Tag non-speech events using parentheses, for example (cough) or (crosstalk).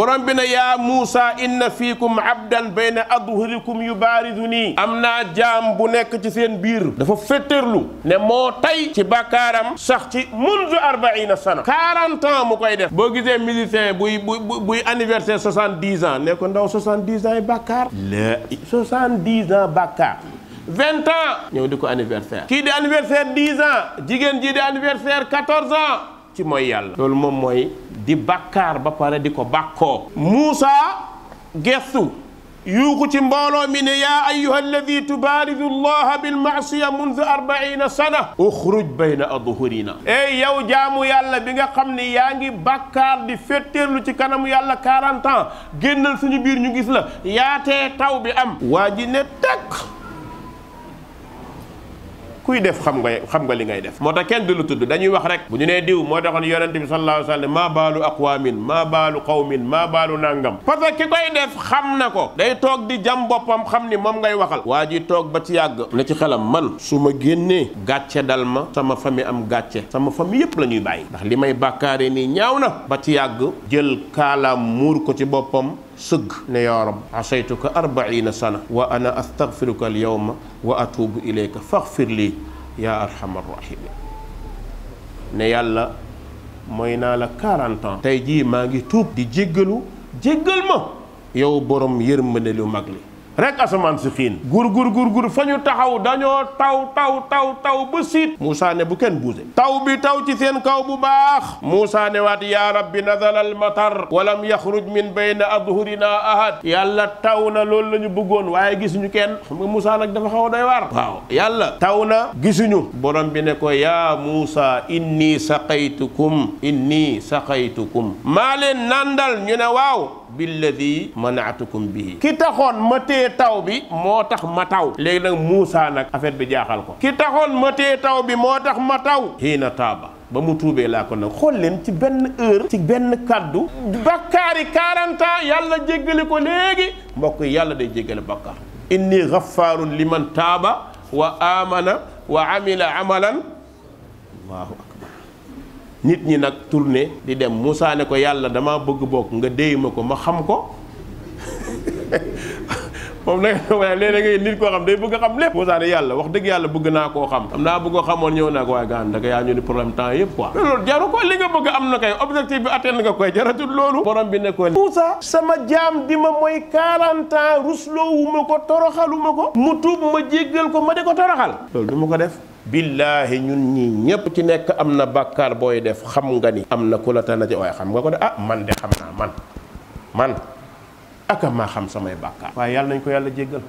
borom bi ne yaa Muusa inna fiikum abdan bayna adhurikum yubaaridu ni am naa jaam bu nekk ci seen biir dafa féttërlu ne moo tay ci bàkkaaram sax ci mundu arbaina sana quarante ans mu koy def boo gisee militaire buy buy buy anniversaire soixante dix ans ne ko ndaw soixante dix ans yi bàkkaar la soixante dix ans bàkkaar vingt ans ñëw di ko anniversaire kii di anniversaire dix ans jigéen ji di anniversaire quatorze ans ci mooy yàlla loolu moom mooy di bàkkaar ba pare di ko bàkkoo Muusa gestu yuuxu ci mbooloo mi ne yaa ayyuha alladi tubaaridu allaha bilmaasiya mundu arbaina sana uxruj bayna adhurina ey yow jaamu yàlla bi nga xam ne yaa ngi bàkkaar di féttéerlu ci kanamu yàlla 40 ans génnal suñu biir ñu gis la yaatee taw bi am waa ji ne tekk kuy def xam nga xam nga li ngay def moo tax kenn du lu tudd dañuy wax rek bu ñu nee diw moo taxoon yonente bi sallallahu alayhi wa sallam maa baalu aqwaamin maa ki koy def xam na ko day toog di jam boppam xam ni moom ngay waxal waa ji toog ba ci yàgg na ci xelam man su ma génnee gàcce dal ma sama famille am gàcce sama famille yépp la ñuy bàyyi ndax li may bàkkaare nii ñaaw na ba ci yàgg jël kaalaam muur ko ci boppam sëgg ne yaa rab asaytuka arbaina sana wa ana astaghfiruka al yawma wa atubu ilayka faghfir lii yaa arhamar rahimin ne yàlla mooy naa la 40 tey jii maa ngi tuub di jéggalu jéggal ma yow borom yërmande lu mag li rek asamaan si xiin gur gur gur fa ñu taxaw dañoo taw taw taw taw ba siit Moussa ne bu kenn buuse taw bi taw ci seen kaw bu baax Moussa ne waat yaa rabbi nazala al matar walam yaxruj min bayna adhurina ahad yàlla taw na loolu la ñu bëggoon waaye gisuñu kenn xam nga Moussa nag dafa xaw a doy waar waaw yàlla taw na gisuñu borom bi ne ko yaa Moussa inni saqaytukum inni saqaytukum maa leen nandal ñu ne waaw billadi manaatukum bi ki taxoon ma tee taw bi moo tax ma taw léegi nag Muusaa nag affaire bi jaaxal ko ki taxoon ma tee taw bi moo tax ma taw hiina taaba ba mu tuubee laa ko nag xool leen ci benn heure ci benn kàddu bakkaari 40 ans yàlla jéggale ko léegi mbokk yàlla day jéggale bakkaar inni gaffaarun liman taaba wa amana wa amila amalan allahu nit ñi nag tourné di dem Moussa ne ko yàlla damaa bëgg bokk nga déy ma ko ma xam ko (laughs) moom nag (laughs) léeg-léeg ngay koo xam day bëgg xam lépp Moussa ne yàlla wax dëgg yàlla bëgg naa koo xam am naa bëgg xamoon ñëw naa ko waaye gaan daka yaa ñu ni problème temps yëpp quoi loolu jaru ko li nga bëgg am na kay objectif bi atteindre nga koy jaratul loolu borom bi ne ko Moussa sama jaam di ma mooy 40 ans ma ko toroxaluma ko mu tuub ma jéggal ko ma di ko toroxal loolu du ko def billaahi ñun ñi ñépp ci nekk am na bàkkaar booy def xam nga ni am na ku la tana waaye xam nga ko de ah man de xam naa man man aka maa xam samay bàkkaar waaye yàlla nañ ko yàlla jéggal